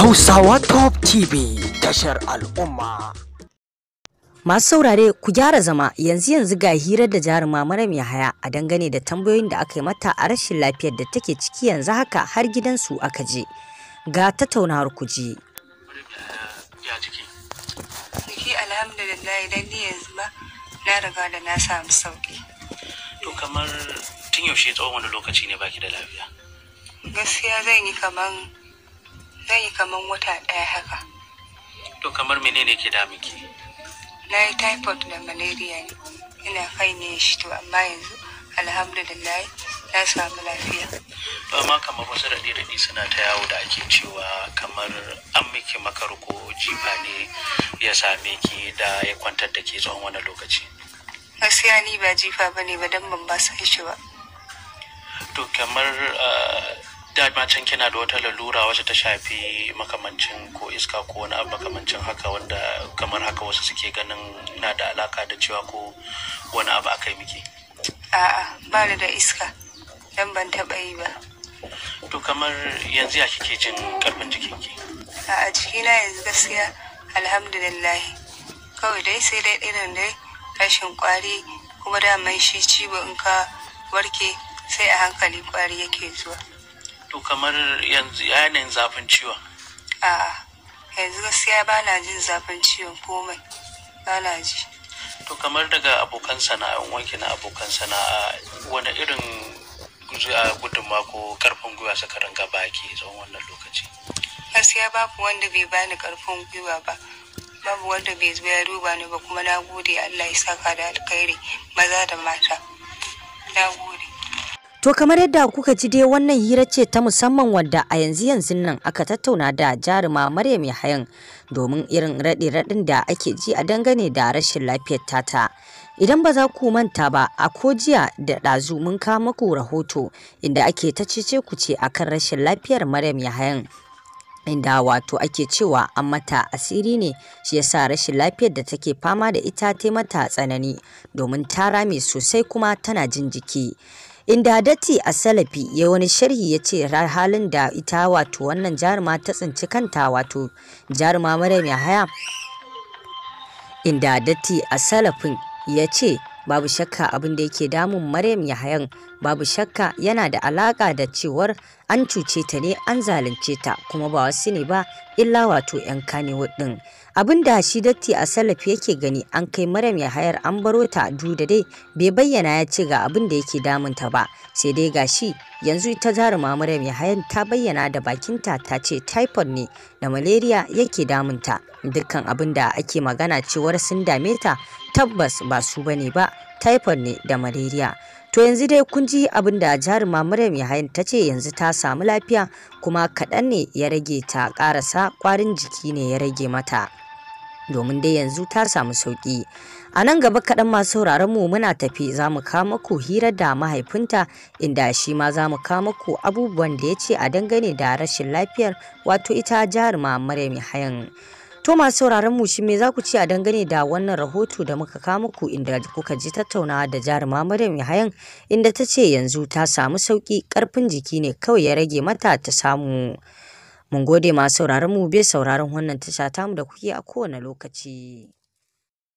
Hausawa Top TV tashar al'umma. Masu saurare ku gyara zama yanzu yanzu ga hirar da jaruma mai Yahaya a dangane da tambayoyin da aka yi mata a rashin lafiyar da take ciki yanzu haka har gidansu aka je. Ga tattaunawar ku ji. alhamdulillah idan ni yanzu ba na riga da na samu sauki. To kamar tun yaushe tsawon wani lokaci ne baki da lafiya? Gaskiya zan yi kamar zai yi kamar wata ɗaya haka to kamar menene ke damunki na yi typhoid da malaria ne ina kai ne shi to amma yanzu alhamdulillah na samu lafiya to amma kamar wasu raɗi-raɗi suna ta yawo da ake cewa kamar an miki makar ko jifa ne ya same ki da ya kwantar da ke tsawon wani lokaci gaskiya ni ba jifa ba ne ba don ban ba san shi ba to kamar ah, misali ma can kina da wata lalura wacce ta shafi makamancin ko iska ko wani abu makamancin haka wanda kamar haka wasu suke ganin na da alaka da cewa ko wani abu aka yi miki a'a ba da iska dan ban taba yi ba to kamar yanzu ya kike jin karfin ki. a'a jikina yanzu gaskiya alhamdulillah kawai dai sai dai irin dai rashin kwari kuma da mai shi ciwo in ka warke sai a hankali kwari yake zuwa to kamar yanzu yanayin zafin ciwon a'a yanzu gaskiya ba na jin zafin ciwon komai ba na ji to kamar daga abokan sana'a wanki na abokan sana'a wani irin gudun mako, karfin gwiwa suka ringa baki tsawon wannan lokaci gaskiya babu wanda bai bani karfin gwiwa ba babu wanda bai zo ya duba ni ba kuma na gode Allah ya saka da alkhairi maza da mata na gode To kamar yadda kuka ji dai wannan hira ce ta musamman wadda a yanzu yanzu nan aka tattauna da jaruma Maryam Yahayan domin irin raɗe-raɗin da ake ji a dangane da rashin lafiyar tata. Idan ba za ku manta ba a kojiya da ɗazu mun kawo maku rahoto inda ake ta cece ku ce akan rashin lafiyar Maryam Yahayan inda wato ake cewa an mata asiri ne shi yasa rashin lafiyar da take fama da ita ta mata tsanani domin ta rame sosai kuma tana jin jiki inda datti a salafi ya wani sharhi ya ce halin da ita wato wannan jaruma ta tsinci kanta wato jaruma mara mai haya inda datti a salafin ya ce babu shakka abin da yake damun Maryam Yahayan babu shakka yana da alaka da cewar an cuce ta ne an zalunce ta kuma ba wasu ne ba illa wato 'yan kane din. Abin da shi datti a salafi yake gani an kai Maryam Yahayar an baro ta da dai bai bayyana ya ce ga abin da yake damun ta ba sai dai gashi yanzu ita jaruma Maryam Yahayan ta bayyana da bakinta ta ce typhoid ne da malaria yake damun ta dukkan abin da ake magana cewar sun dame ta tabbas ba su bane ba typhoid ne da malaria to yanzu dai kun ji abin da jaruma Maryam Yahayin ta ce yanzu ta samu lafiya kuma kaɗan ne ya rage ta ƙarasa ƙwarin jiki ne ya rage mata domin dai yanzu ta samu sauƙi a nan gaba kaɗan masu sauraron mu muna tafi za mu kawo maku hira da mahaifinta inda shi ma za mu kawo maku abubuwan da ya ce a dangane da rashin lafiyar wato ita jaruma Maryam Yahayin. To masu sauraron mu shi me za ku ci a dangane da wannan rahoto da muka kawo muku inda kuka ji tattaunawa da jaruma Maryam Yahayan inda ta ce yanzu ta samu sauki karfin jiki ne kawai ya rage mata ta samu. Mun gode masu sauraron mu bai sauraron wannan tasha tamu da kuke a kowane lokaci.